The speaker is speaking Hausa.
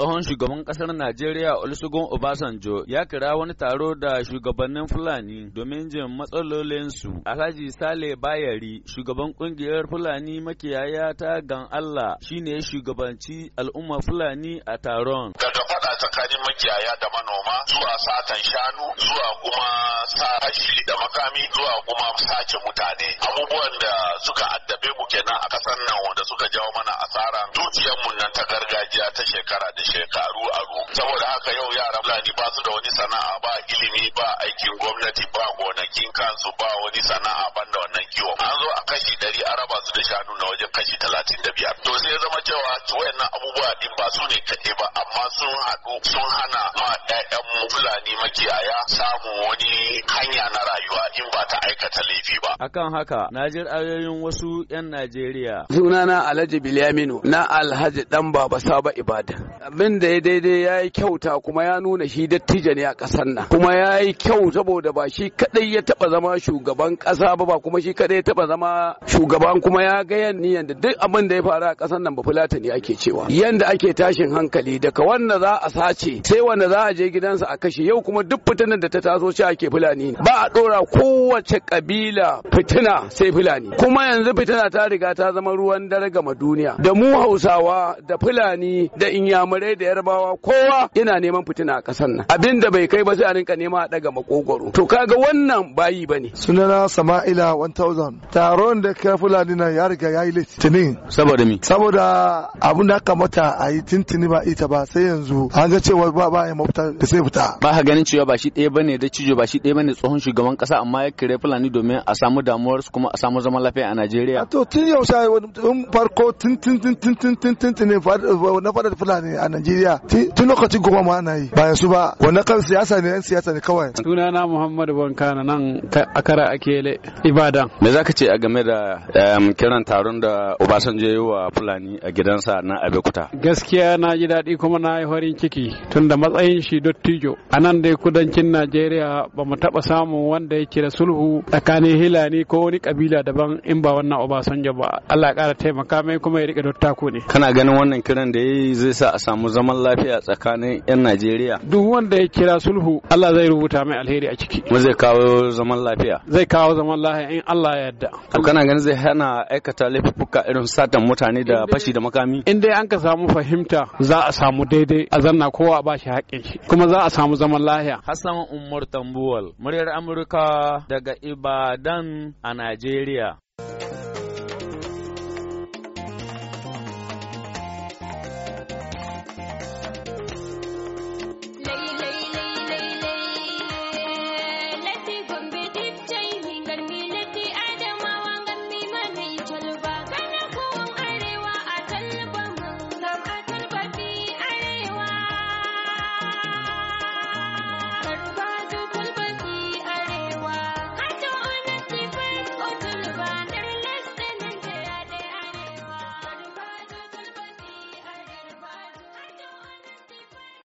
tsohon shugaban kasar Najeriya Olusegun Obasanjo ya kira wani taro da shugabannin Fulani domin jin su Alhaji Sale Bayari, shugaban kungiyar Fulani makiyaya ta Gan Allah, shine shugabanci al'umma Fulani a taron. tsakanin makiyaya da manoma zuwa satan shanu zuwa kuma sa rashi da makami zuwa kuma sace mutane abubuwan da suka addabe mu kenan a kasan nan wanda suka jawo mana asara mu nan ta gargajiya ta shekara da shekaru aru saboda haka yau yaran fulani ba su da wani sana'a ba ilimi ba aikin gwamnati ba gonakin kansu ba wani sana'a banda wannan kiwo an zo a kashi dari araba raba su da shanu na wajen kashi talatin da biyar wato wayannan abubuwa din ba su ne kaɗai ba amma sun haɗu sun hana ma mu fulani makiyaya samun wani hanya na rayuwa in ba ta aikata laifi ba. Akan haka na ji ra'ayoyin wasu 'yan Najeriya. Sunana Alhaji Bilyaminu na Alhaji Dan Baba Saba Ibadan. Abin da ya daidai ya yi kyauta kuma ya nuna shi dattijo ne a ƙasar nan. Kuma ya yi kyau saboda ba shi kaɗai ya taɓa zama shugaban ƙasa ba ba kuma shi kaɗai ya taɓa zama shugaban kuma ya ga yan niyan da duk abin da ya faru a ƙasar nan ba fulata ne ake cewa yanda ake tashin hankali daga wanda za a sace sai wanda za a je gidansa a kashe yau kuma duk fitinar da ta taso shi ake fulani ba a dora kowace kabila fitina sai fulani kuma yanzu fitina ta riga ta zama ruwan dare ga duniya da mu hausawa da fulani da inyamurai da yarbawa kowa yana neman fitina a kasan nan abin da bai kai ba sai a rinka nema a daga makogoro to kaga wannan bayi bane sunana sama'ila 1000 taron da ka fulani nan ya riga ya yi litinin saboda mi saboda abin da aka mata a yi tintini ba ita ba sai yanzu an ga cewa ba ba ya mafita da sai fita ba ka ganin cewa ba shi ɗaya bane da cijo ba shi ɗaya bane tsohon shugaban kasa amma ya kire fulani domin a samu damuwar su kuma a samu zaman lafiya a Najeriya to tun yau sai wani farko tun tun tun tun tun tun tun ne na fadar fulani a Najeriya tun lokacin goma ma ana yi ba su ba wannan kan siyasa ne yan siyasa ne kawai sunana Muhammadu Bankana nan akara akele Ibadan me zaka ce a game da kiran taron da Obasanjo ya yi wa Fulani a gidansa sa na Abeokuta. Gaskiya na ji daɗi kuma na yi farin ciki tun da matsayin shi dottijo. A nan dai kudancin Najeriya ba mu taɓa samun wanda ya da sulhu tsakanin Hilani ko wani kabila daban in ba wannan Obasanjo ba. Allah ƙara taimaka mai kuma ya riƙe dottako ne. Kana ganin wannan kiran da ya yi zai sa a samu zaman lafiya tsakanin 'yan Najeriya? Duk wanda ya kira sulhu Allah zai rubuta mai alheri a ciki. Mu zai kawo zaman lafiya? Zai kawo zaman lafiya in Allah ya yarda. Kana ganin zai hana aikata laifuka irin satan mutane da fashi da makami? in dai an ka samu fahimta za a samu daidai a zanna kowa ba shi haƙin shi kuma za a samu zaman lahiya Hassan Umar Tambuwal muryar Amurka daga Ibadan a Najeriya